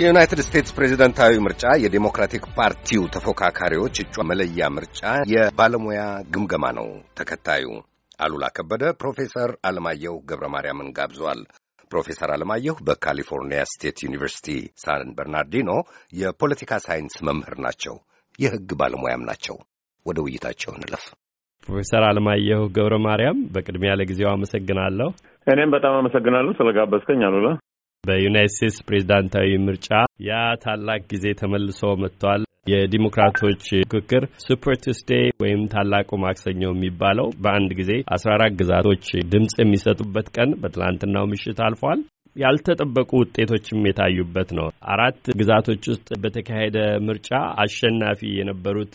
የዩናይትድ ስቴትስ ፕሬዚደንታዊ ምርጫ የዴሞክራቲክ ፓርቲው ተፎካካሪዎች እጩ መለያ ምርጫ የባለሙያ ግምገማ ነው። ተከታዩ አሉላ ከበደ ፕሮፌሰር አለማየሁ ገብረ ማርያምን ጋብዟል። ፕሮፌሰር አለማየሁ በካሊፎርኒያ ስቴት ዩኒቨርሲቲ ሳን በርናርዲኖ የፖለቲካ ሳይንስ መምህር ናቸው። የሕግ ባለሙያም ናቸው። ወደ ውይይታቸው እንለፍ። ፕሮፌሰር አለማየሁ ገብረ ማርያም በቅድሚያ ለጊዜው አመሰግናለሁ። እኔም በጣም አመሰግናለሁ ስለጋበዝከኝ አሉላ። በዩናይት ስቴትስ ፕሬዚዳንታዊ ምርጫ ያ ታላቅ ጊዜ ተመልሶ መጥቷል። የዲሞክራቶች ምክክር ሱፐር ቱስዴይ ወይም ታላቁ ማክሰኞ የሚባለው በአንድ ጊዜ አስራ አራት ግዛቶች ድምፅ የሚሰጡበት ቀን በትላንትናው ምሽት አልፏል። ያልተጠበቁ ውጤቶችም የታዩበት ነው። አራት ግዛቶች ውስጥ በተካሄደ ምርጫ አሸናፊ የነበሩት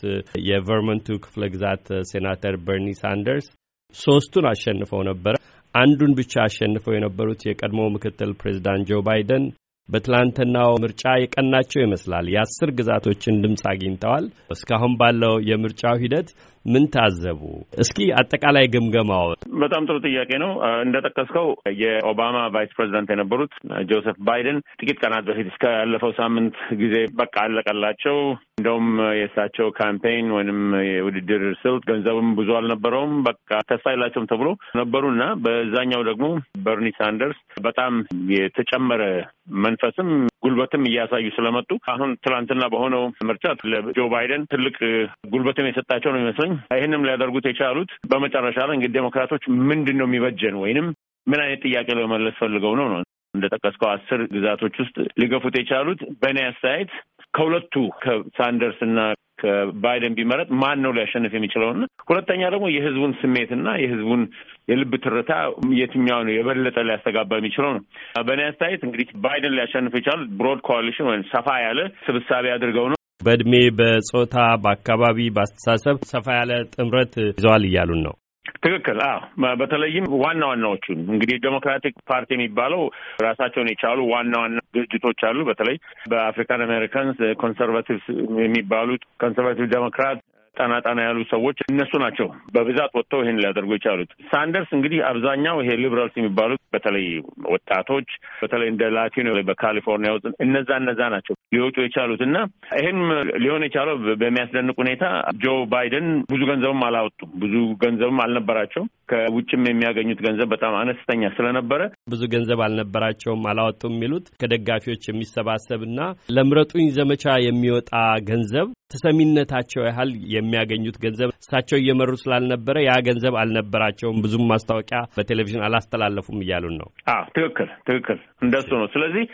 የቨርመንቱ ክፍለ ግዛት ሴናተር በርኒ ሳንደርስ ሶስቱን አሸንፈው ነበረ። አንዱን ብቻ አሸንፈው የነበሩት የቀድሞ ምክትል ፕሬዚዳንት ጆ ባይደን በትላንትናው ምርጫ የቀናቸው ይመስላል። የአስር ግዛቶችን ድምፅ አግኝተዋል። እስካሁን ባለው የምርጫው ሂደት ምን ታዘቡ? እስኪ አጠቃላይ ግምገማው። በጣም ጥሩ ጥያቄ ነው። እንደጠቀስከው የኦባማ ቫይስ ፕሬዚዳንት የነበሩት ጆሴፍ ባይደን ጥቂት ቀናት በፊት እስከ ያለፈው ሳምንት ጊዜ በቃ አለቀላቸው። እንደውም የእሳቸው ካምፔን ወይንም የውድድር ስልት ገንዘብም ብዙ አልነበረውም። በቃ ተስፋ የላቸውም ተብሎ ነበሩ እና በዛኛው ደግሞ በርኒ ሳንደርስ በጣም የተጨመረ መንፈስም ጉልበትም እያሳዩ ስለመጡ አሁን ትናንትና በሆነው ምርጫ ለጆ ባይደን ትልቅ ጉልበትም የሰጣቸው ነው ይመስለኝ። ይህንም ሊያደርጉት የቻሉት በመጨረሻ ላይ እንግዲህ ዴሞክራቶች ምንድን ነው የሚበጀን ወይንም ምን አይነት ጥያቄ ለመመለስ ፈልገው ነው ነው እንደጠቀስከው አስር ግዛቶች ውስጥ ሊገፉት የቻሉት በእኔ አስተያየት ከሁለቱ ከሳንደርስ እና ከባይደን ቢመረጥ ማን ነው ሊያሸንፍ የሚችለውና ሁለተኛ ደግሞ የህዝቡን ስሜትና የህዝቡን የልብ ትርታ የትኛው ነው የበለጠ ሊያስተጋባ የሚችለው ነው። በእኔ አስተያየት እንግዲህ ባይደን ሊያሸንፍ የቻሉት ብሮድ ኮዋሊሽን ወይም ሰፋ ያለ ስብሳቤ አድርገው ነው። በእድሜ፣ በጾታ፣ በአካባቢ፣ በአስተሳሰብ ሰፋ ያለ ጥምረት ይዘዋል እያሉን ነው። ትክክል። አዎ፣ በተለይም ዋና ዋናዎቹን እንግዲህ ዴሞክራቲክ ፓርቲ የሚባለው ራሳቸውን የቻሉ ዋና ዋና ድርጅቶች አሉ። በተለይ በአፍሪካን አሜሪካንስ ኮንሰርቫቲቭ የሚባሉት ኮንሰርቫቲቭ ዴሞክራት ጠና ጠና ያሉ ሰዎች እነሱ ናቸው በብዛት ወጥተው ይህን ሊያደርጉ የቻሉት። ሳንደርስ እንግዲህ አብዛኛው ይሄ ሊብራልስ የሚባሉት በተለይ ወጣቶች በተለይ እንደ ላቲኖ በካሊፎርኒያ ውስጥ እነዛ እነዛ ናቸው ሊወጡ የቻሉት እና ይህም ሊሆን የቻለው በሚያስደንቅ ሁኔታ ጆ ባይደን ብዙ ገንዘብም አላወጡም፣ ብዙ ገንዘብም አልነበራቸውም። ከውጭም የሚያገኙት ገንዘብ በጣም አነስተኛ ስለነበረ ብዙ ገንዘብ አልነበራቸውም፣ አላወጡም የሚሉት ከደጋፊዎች የሚሰባሰብ እና ለምረጡኝ ዘመቻ የሚወጣ ገንዘብ ተሰሚነታቸው ያህል የሚያገኙት ገንዘብ እሳቸው እየመሩ ስላልነበረ ያ ገንዘብ አልነበራቸውም፣ ብዙም ማስታወቂያ በቴሌቪዥን አላስተላለፉም እያሉን ነው። አዎ ትክክል ትክክል፣ እንደሱ ነው። ስለዚህ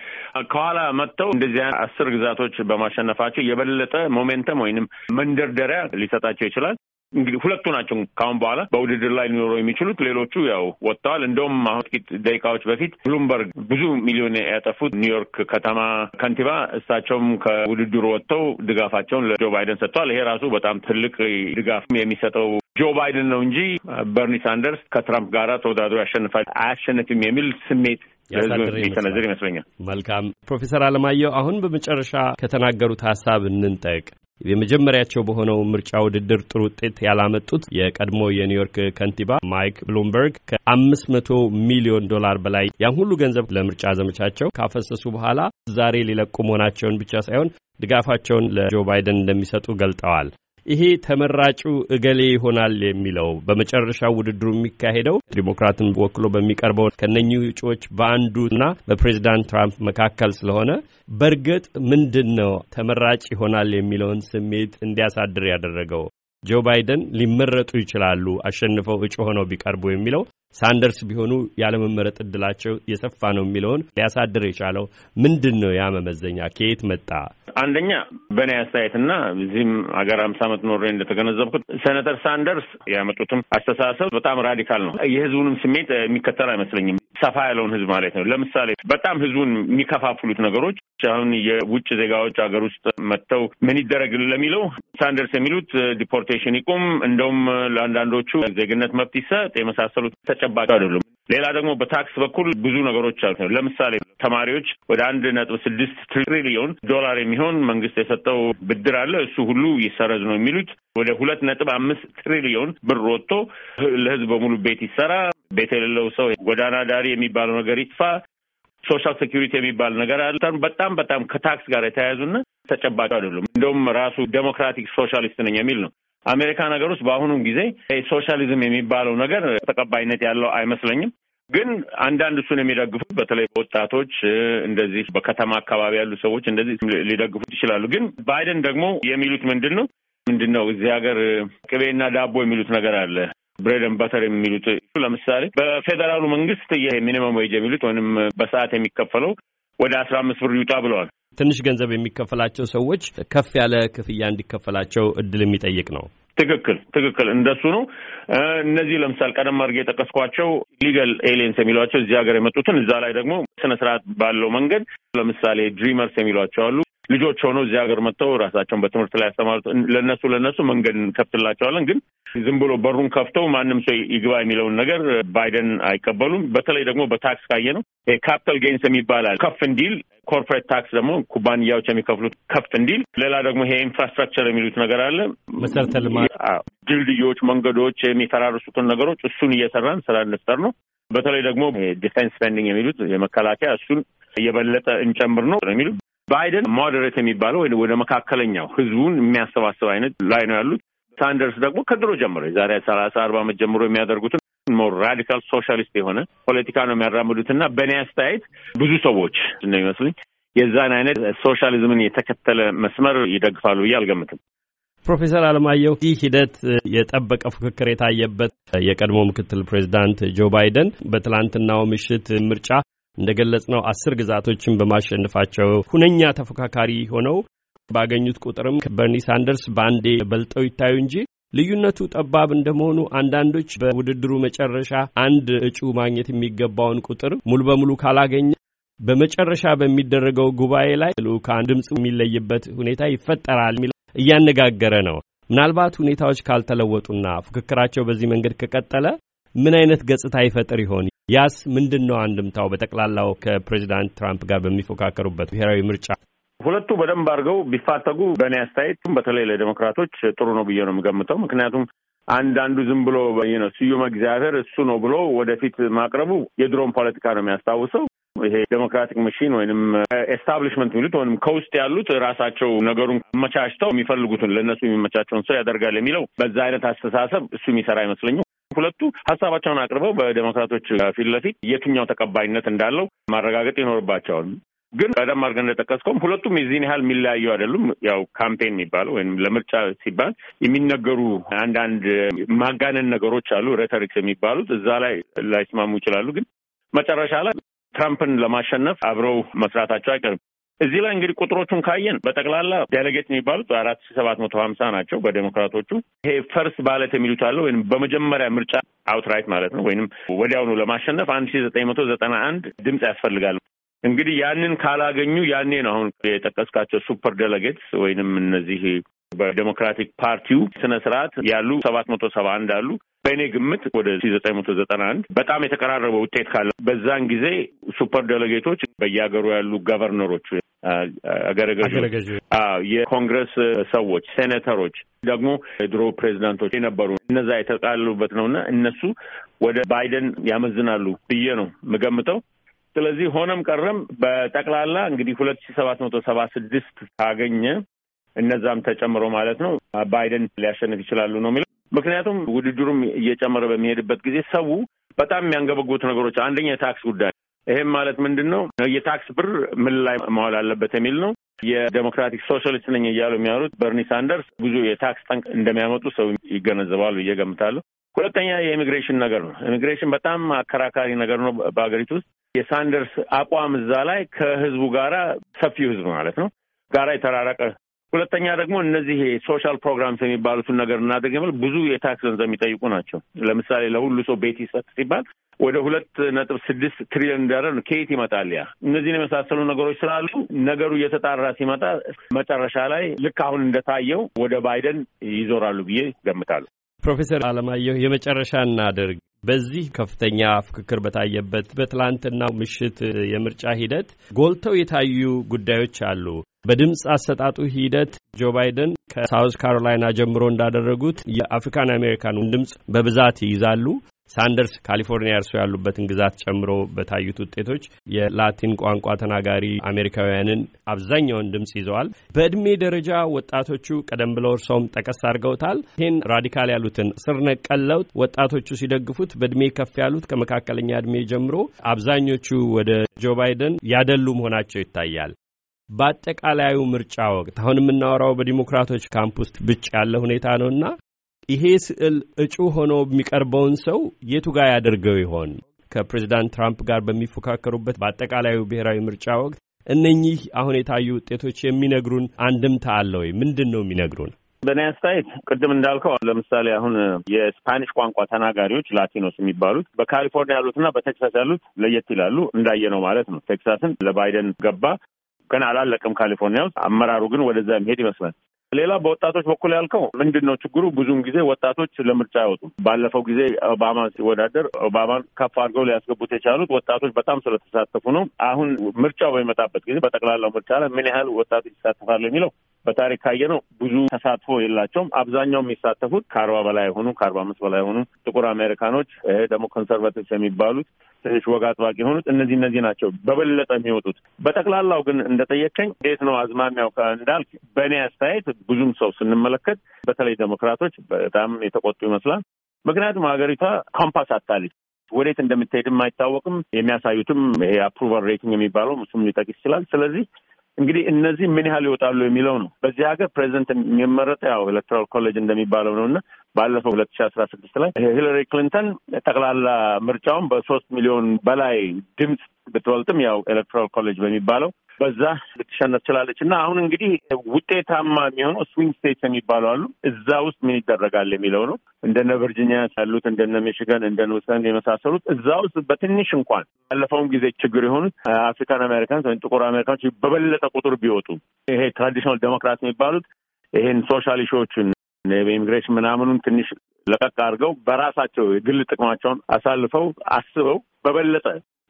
ከኋላ መጥተው እንደዚህ አስር ግዛቶች በማሸነፋቸው የበለጠ ሞሜንተም ወይንም መንደርደሪያ ሊሰጣቸው ይችላል። እንግዲህ ሁለቱ ናቸው ካሁን በኋላ በውድድር ላይ ሊኖረው የሚችሉት። ሌሎቹ ያው ወጥተዋል። እንደውም አሁን ጥቂት ደቂቃዎች በፊት ብሉምበርግ ብዙ ሚሊዮን ያጠፉት ኒውዮርክ ከተማ ከንቲባ እሳቸውም ከውድድሩ ወጥተው ድጋፋቸውን ለጆ ባይደን ሰጥተዋል። ይሄ ራሱ በጣም ትልቅ ድጋፍ የሚሰጠው ጆ ባይደን ነው እንጂ በርኒ ሳንደርስ ከትራምፕ ጋር ተወዳድሮ ያሸንፋል አያሸንፍም የሚል ስሜት የተነዘር ይመስለኛል። መልካም ፕሮፌሰር አለማየሁ አሁን በመጨረሻ ከተናገሩት ሀሳብ እንንጠቅ። የመጀመሪያቸው በሆነው ምርጫ ውድድር ጥሩ ውጤት ያላመጡት የቀድሞ የኒውዮርክ ከንቲባ ማይክ ብሉምበርግ ከአምስት መቶ ሚሊዮን ዶላር በላይ ያም ሁሉ ገንዘብ ለምርጫ ዘመቻቸው ካፈሰሱ በኋላ ዛሬ ሊለቁ መሆናቸውን ብቻ ሳይሆን ድጋፋቸውን ለጆ ባይደን እንደሚሰጡ ገልጠዋል። ይሄ ተመራጩ እገሌ ይሆናል የሚለው በመጨረሻ ውድድሩ የሚካሄደው ዲሞክራትን ወክሎ በሚቀርበው ከነኚህ እጩዎች በአንዱና በፕሬዚዳንት ትራምፕ መካከል ስለሆነ በእርግጥ ምንድን ነው ተመራጭ ይሆናል የሚለውን ስሜት እንዲያሳድር ያደረገው? ጆ ባይደን ሊመረጡ ይችላሉ አሸንፈው እጩ ሆነው ቢቀርቡ የሚለው ሳንደርስ ቢሆኑ ያለመመረጥ እድላቸው የሰፋ ነው የሚለውን ሊያሳድር የቻለው ምንድን ነው? ያ መመዘኛ ከየት መጣ? አንደኛ በእኔ አስተያየትና እዚህም ሀገር ሀምሳ ዓመት ኖሬ እንደተገነዘብኩት ሴኔተር ሳንደርስ ያመጡትም አስተሳሰብ በጣም ራዲካል ነው። የህዝቡንም ስሜት የሚከተል አይመስለኝም። ሰፋ ያለውን ህዝብ ማለት ነው። ለምሳሌ በጣም ህዝቡን የሚከፋፍሉት ነገሮች አሁን የውጭ ዜጋዎች ሀገር ውስጥ መጥተው ምን ይደረግ ለሚለው ሳንደርስ የሚሉት ዲፖርቴሽን ይቁም፣ እንደውም ለአንዳንዶቹ ዜግነት መብት ይሰጥ የመሳሰሉት ተጨባጭ አይደሉም። ሌላ ደግሞ በታክስ በኩል ብዙ ነገሮች አሉ። ለምሳሌ ተማሪዎች ወደ አንድ ነጥብ ስድስት ትሪሊዮን ዶላር የሚሆን መንግስት የሰጠው ብድር አለ። እሱ ሁሉ ይሰረዝ ነው የሚሉት። ወደ ሁለት ነጥብ አምስት ትሪሊዮን ብር ወጥቶ ለህዝብ በሙሉ ቤት ይሰራ፣ ቤት የሌለው ሰው ጎዳና ዳሪ የሚባለው ነገር ይጥፋ። ሶሻል ሴኪሪቲ የሚባል ነገር አለ። በጣም በጣም ከታክስ ጋር የተያያዙና ተጨባጭ አይደሉም። እንደውም ራሱ ዴሞክራቲክ ሶሻሊስት ነኝ የሚል ነው። አሜሪካ ነገር ውስጥ በአሁኑም ጊዜ ሶሻሊዝም የሚባለው ነገር ተቀባይነት ያለው አይመስለኝም። ግን አንዳንድ እሱን የሚደግፉት በተለይ ወጣቶች እንደዚህ በከተማ አካባቢ ያሉ ሰዎች እንደዚህ ሊደግፉት ይችላሉ። ግን ባይደን ደግሞ የሚሉት ምንድን ነው ምንድን ነው እዚህ ሀገር ቅቤና ዳቦ የሚሉት ነገር አለ። ብሬደን በተር የሚሉት ለምሳሌ በፌዴራሉ መንግስት ይሄ ሚኒመም ዌጅ የሚሉት ወይም በሰዓት የሚከፈለው ወደ አስራ አምስት ብር ይውጣ ብለዋል። ትንሽ ገንዘብ የሚከፈላቸው ሰዎች ከፍ ያለ ክፍያ እንዲከፈላቸው እድል የሚጠይቅ ነው። ትክክል ትክክል፣ እንደሱ ነው። እነዚህ ለምሳሌ ቀደም አድርጌ የጠቀስኳቸው ሊገል ኤሊየንስ የሚሏቸው እዚህ ሀገር የመጡትን እዛ ላይ ደግሞ ስነ ስርዓት ባለው መንገድ ለምሳሌ ድሪመርስ የሚሏቸው አሉ። ልጆች ሆኖ እዚህ ሀገር መጥተው ራሳቸውን በትምህርት ላይ ያስተማሩት ለነሱ ለነሱ መንገድ እንከፍትላቸዋለን። ግን ዝም ብሎ በሩን ከፍተው ማንም ሰው ይግባ የሚለውን ነገር ባይደን አይቀበሉም። በተለይ ደግሞ በታክስ ካየ ነው ካፒታል ጌንስ የሚባላል ከፍ እንዲል ኮርፖሬት ታክስ ደግሞ ኩባንያዎች የሚከፍሉት ከፍ እንዲል፣ ሌላ ደግሞ ይሄ ኢንፍራስትራክቸር የሚሉት ነገር አለ። መሰረተ ልማት፣ ድልድዮች፣ መንገዶች፣ የሚፈራርሱትን ነገሮች እሱን እየሰራን ስራ እንፍጠር ነው። በተለይ ደግሞ ዲፌንስ ስፔንዲንግ የሚሉት የመከላከያ እሱን የበለጠ እንጨምር ነው የሚሉት ባይደን ሞዴሬት የሚባለው ወደ መካከለኛው ህዝቡን የሚያሰባስብ አይነት ላይ ነው ያሉት። ሳንደርስ ደግሞ ከድሮ ጀምሮ የዛሬ ሰላሳ አርባ ዓመት ጀምሮ የሚያደርጉትን ሞር ራዲካል ሶሻሊስት የሆነ ፖለቲካ ነው የሚያራምዱት እና በእኔ አስተያየት ብዙ ሰዎች እንደሚመስልኝ የዛን አይነት ሶሻሊዝምን የተከተለ መስመር ይደግፋሉ ብዬ አልገምትም። ፕሮፌሰር አለማየሁ ይህ ሂደት የጠበቀ ፉክክር የታየበት የቀድሞ ምክትል ፕሬዚዳንት ጆ ባይደን በትላንትናው ምሽት ምርጫ እንደ ገለጽ ነው አስር ግዛቶችን በማሸነፋቸው ሁነኛ ተፎካካሪ ሆነው ባገኙት ቁጥርም በርኒ ሳንደርስ በአንዴ በልጠው ይታዩ እንጂ ልዩነቱ ጠባብ እንደመሆኑ አንዳንዶች በውድድሩ መጨረሻ አንድ እጩ ማግኘት የሚገባውን ቁጥር ሙሉ በሙሉ ካላገኘ በመጨረሻ በሚደረገው ጉባኤ ላይ ልዑካን ድምፅ የሚለይበት ሁኔታ ይፈጠራል የሚል እያነጋገረ ነው። ምናልባት ሁኔታዎች ካልተለወጡና ፉክክራቸው በዚህ መንገድ ከቀጠለ ምን አይነት ገጽታ ይፈጥር ይሆን? ያስ ምንድን ነው አንድምታው በጠቅላላው ከፕሬዚዳንት ትራምፕ ጋር በሚፎካከሩበት ብሔራዊ ምርጫ? ሁለቱ በደንብ አድርገው ቢፋተጉ በእኔ አስተያየት በተለይ ለዴሞክራቶች ጥሩ ነው ብዬ ነው የምገምተው። ምክንያቱም አንዳንዱ ዝም ብሎ ነው ስዩመ እግዚአብሔር እሱ ነው ብሎ ወደፊት ማቅረቡ የድሮን ፖለቲካ ነው የሚያስታውሰው። ይሄ ዴሞክራቲክ መሽን ወይም ኤስታብሊሽመንት የሚሉት ወይም ከውስጥ ያሉት ራሳቸው ነገሩን አመቻችተው የሚፈልጉትን ለእነሱ የሚመቻቸውን ሰው ያደርጋል የሚለው በዛ አይነት አስተሳሰብ እሱ የሚሰራ አይመስለኝም። ሁለቱ ሀሳባቸውን አቅርበው በዴሞክራቶች ፊት ለፊት የትኛው ተቀባይነት እንዳለው ማረጋገጥ ይኖርባቸዋል። ግን ቀደም አድርገን እንደጠቀስከውም ሁለቱም የዚህን ያህል የሚለያዩ አይደሉም። ያው ካምፔን የሚባለው ወይም ለምርጫ ሲባል የሚነገሩ አንዳንድ ማጋነን ነገሮች አሉ፣ ሬተሪክስ የሚባሉት እዛ ላይ ላይስማሙ ይችላሉ። ግን መጨረሻ ላይ ትራምፕን ለማሸነፍ አብረው መስራታቸው አይቀርም። እዚህ ላይ እንግዲህ ቁጥሮቹን ካየን በጠቅላላ ዴሌጌት የሚባሉት አራት ሺ ሰባት መቶ ሀምሳ ናቸው። በዴሞክራቶቹ ይሄ ፈርስ ባለት የሚሉት አለ ወይም በመጀመሪያ ምርጫ አውትራይት ማለት ነው ወይም ወዲያውኑ ለማሸነፍ አንድ ሺ ዘጠኝ መቶ ዘጠና አንድ ድምፅ ያስፈልጋል። እንግዲህ ያንን ካላገኙ ያኔ ነው አሁን የጠቀስካቸው ሱፐር ዴሌጌትስ ወይንም እነዚህ በዴሞክራቲክ ፓርቲው ስነ ስርዓት ያሉ ሰባት መቶ ሰባ አንድ አሉ በእኔ ግምት ወደ ሺ ዘጠኝ መቶ ዘጠና አንድ በጣም የተቀራረበ ውጤት ካለ በዛን ጊዜ ሱፐር ዴሌጌቶች በየሀገሩ ያሉ ገቨርነሮች፣ አገረ የኮንግረስ ሰዎች፣ ሴኔተሮች ደግሞ የድሮ ፕሬዚዳንቶች የነበሩ እነዛ የተቃለሉበት ና እነሱ ወደ ባይደን ያመዝናሉ ብዬ ነው የምገምተው። ስለዚህ ሆነም ቀረም በጠቅላላ እንግዲህ ሁለት ሺ ሰባት መቶ ሰባ ስድስት ካገኘ እነዛም ተጨምሮ ማለት ነው ባይደን ሊያሸንፍ ይችላሉ ነው የሚለው። ምክንያቱም ውድድሩም እየጨመረ በሚሄድበት ጊዜ ሰው በጣም የሚያንገበጉት ነገሮች አንደኛ የታክስ ጉዳይ ይሄም ማለት ምንድን ነው? የታክስ ብር ምን ላይ መዋል አለበት የሚል ነው። የዴሞክራቲክ ሶሻሊስት ነኝ እያሉ የሚያሉት በርኒ ሳንደርስ ብዙ የታክስ ጠንቅ እንደሚያመጡ ሰው ይገነዘባሉ ብዬ ገምታለሁ። ሁለተኛ የኢሚግሬሽን ነገር ነው። ኢሚግሬሽን በጣም አከራካሪ ነገር ነው በሀገሪቱ ውስጥ። የሳንደርስ አቋም እዛ ላይ ከህዝቡ ጋራ ሰፊው ህዝብ ማለት ነው ጋራ የተራረቀ ሁለተኛ ደግሞ እነዚህ ሶሻል ፕሮግራምስ የሚባሉትን ነገር እናድርግ ብዙ የታክስ ገንዘብ የሚጠይቁ ናቸው። ለምሳሌ ለሁሉ ሰው ቤት ይሰጥ ሲባል ወደ ሁለት ነጥብ ስድስት ትሪሊዮን ዶላር ከየት ይመጣል? ያ እነዚህን የመሳሰሉ ነገሮች ስላሉ ነገሩ እየተጣራ ሲመጣ መጨረሻ ላይ ልክ አሁን እንደታየው ወደ ባይደን ይዞራሉ ብዬ ገምታለሁ። ፕሮፌሰር አለማየሁ የመጨረሻ እናድርግ በዚህ ከፍተኛ ፍክክር በታየበት በትላንትና ምሽት የምርጫ ሂደት ጎልተው የታዩ ጉዳዮች አሉ። በድምፅ አሰጣጡ ሂደት ጆ ባይደን ከሳውዝ ካሮላይና ጀምሮ እንዳደረጉት የአፍሪካን አሜሪካን ድምፅ በብዛት ይይዛሉ። ሳንደርስ ካሊፎርኒያ እርሶ ያሉበትን ግዛት ጨምሮ በታዩት ውጤቶች የላቲን ቋንቋ ተናጋሪ አሜሪካውያንን አብዛኛውን ድምፅ ይዘዋል። በእድሜ ደረጃ ወጣቶቹ ቀደም ብለው እርሶም ጠቀስ አድርገውታል። ይህን ራዲካል ያሉትን ስር ነቀል ለውጥ ወጣቶቹ ሲደግፉት፣ በእድሜ ከፍ ያሉት ከመካከለኛ እድሜ ጀምሮ አብዛኞቹ ወደ ጆ ባይደን ያደሉ መሆናቸው ይታያል። በአጠቃላዩ ምርጫ ወቅት አሁን የምናወራው በዲሞክራቶች ካምፕ ውስጥ ብጭ ያለ ሁኔታ ነውና ይሄ ስዕል እጩ ሆኖ የሚቀርበውን ሰው የቱ ጋር ያደርገው ይሆን? ከፕሬዚዳንት ትራምፕ ጋር በሚፎካከሩበት በአጠቃላዩ ብሔራዊ ምርጫ ወቅት እነኚህ አሁን የታዩ ውጤቶች የሚነግሩን አንድምታ አለ ወይ? ምንድን ነው የሚነግሩን? በእኔ አስተያየት ቅድም እንዳልከው ለምሳሌ አሁን የስፓኒሽ ቋንቋ ተናጋሪዎች ላቲኖስ የሚባሉት በካሊፎርኒያ ያሉትና በቴክሳስ ያሉት ለየት ይላሉ። እንዳየ ነው ማለት ነው። ቴክሳስን ለባይደን ገባ፣ ገና አላለቀም ካሊፎርኒያ ውስጥ። አመራሩ ግን ወደዛ የሚሄድ ይመስላል። ሌላ በወጣቶች በኩል ያልከው ምንድን ነው ችግሩ? ብዙውን ጊዜ ወጣቶች ለምርጫ አይወጡም። ባለፈው ጊዜ ኦባማ ሲወዳደር ኦባማን ከፍ አድርገው ሊያስገቡት የቻሉት ወጣቶች በጣም ስለተሳተፉ ነው። አሁን ምርጫው በሚመጣበት ጊዜ በጠቅላላው ምርጫ ላይ ምን ያህል ወጣቶች ይሳተፋሉ የሚለው በታሪክ ካየ ነው ብዙ ተሳትፎ የላቸውም። አብዛኛው የሚሳተፉት ከአርባ በላይ የሆኑ ከአርባ አምስት በላይ የሆኑ ጥቁር አሜሪካኖች ደግሞ ኮንሰርቫቲቭስ የሚባሉት ትንሽ ወግ አጥባቂ የሆኑት እነዚህ እነዚህ ናቸው በበለጠ የሚወጡት። በጠቅላላው ግን እንደጠየቀኝ እንዴት ነው አዝማሚያው እንዳልክ፣ በእኔ አስተያየት ብዙም ሰው ስንመለከት በተለይ ዴሞክራቶች በጣም የተቆጡ ይመስላል። ምክንያቱም ሀገሪቷ ኮምፓስ አታለች ወዴት እንደምትሄድም አይታወቅም። የሚያሳዩትም ይሄ አፕሩቫል ሬቲንግ የሚባለው እሱም ሊጠቅስ ይችላል። ስለዚህ እንግዲህ እነዚህ ምን ያህል ይወጣሉ የሚለው ነው። በዚህ ሀገር ፕሬዚደንት የሚመረጠ ያው ኤሌክትራል ኮሌጅ እንደሚባለው ነው እና ባለፈው ሁለት ሺ አስራ ስድስት ላይ ሂለሪ ክሊንተን ጠቅላላ ምርጫውን በሶስት ሚሊዮን በላይ ድምፅ ብትበልጥም ያው ኤሌክትራል ኮሌጅ በሚባለው በዛ ልትሸነፍ ትችላለች እና አሁን እንግዲህ ውጤታማ የሚሆነው ስዊንግ ስቴትስ የሚባሉ አሉ። እዛ ውስጥ ምን ይደረጋል የሚለው ነው። እንደነ ቨርጂኒያ ያሉት እንደነ ሚሽገን፣ እንደነ ውሰን የመሳሰሉት እዛ ውስጥ በትንሽ እንኳን ያለፈውን ጊዜ ችግር የሆኑት አፍሪካን አሜሪካንስ ወይም ጥቁር አሜሪካኖች በበለጠ ቁጥር ቢወጡ ይሄ ትራዲሽናል ዴሞክራት የሚባሉት ይሄን ሶሻል ኢሹዎችን በኢሚግሬሽን ምናምኑን ትንሽ ለቀቅ አድርገው በራሳቸው የግል ጥቅማቸውን አሳልፈው አስበው በበለጠ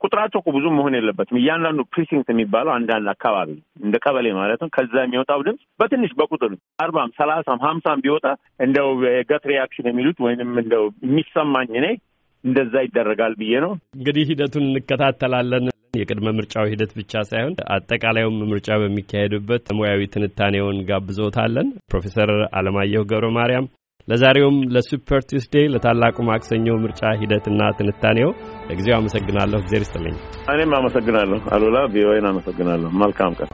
ቁጥራቸው እኮ ብዙ መሆን የለበትም። እያንዳንዱ ፕሪሲንክት የሚባለው አንዳንድ አካባቢ እንደ ቀበሌ ማለት ነው። ከዛ የሚወጣው ድምፅ በትንሽ በቁጥር አርባም ሰላሳም ሀምሳም ቢወጣ እንደው የገት ሪያክሽን የሚሉት ወይንም እንደው የሚሰማኝ እኔ እንደዛ ይደረጋል ብዬ ነው። እንግዲህ ሂደቱን እንከታተላለን። የቅድመ ምርጫው ሂደት ብቻ ሳይሆን አጠቃላዩም ምርጫ በሚካሄድበት ሙያዊ ትንታኔውን ጋብዞታለን። ፕሮፌሰር አለማየሁ ገብረ ማርያም ለዛሬውም ለሱፐር ቱስዴይ ለታላቁ ማክሰኞ ምርጫ ሂደትና ትንታኔው ለጊዜው አመሰግናለሁ። እግዜር ይስጥልኝ። እኔም አመሰግናለሁ አሉላ። ቪኦኤን አመሰግናለሁ። መልካም ቀን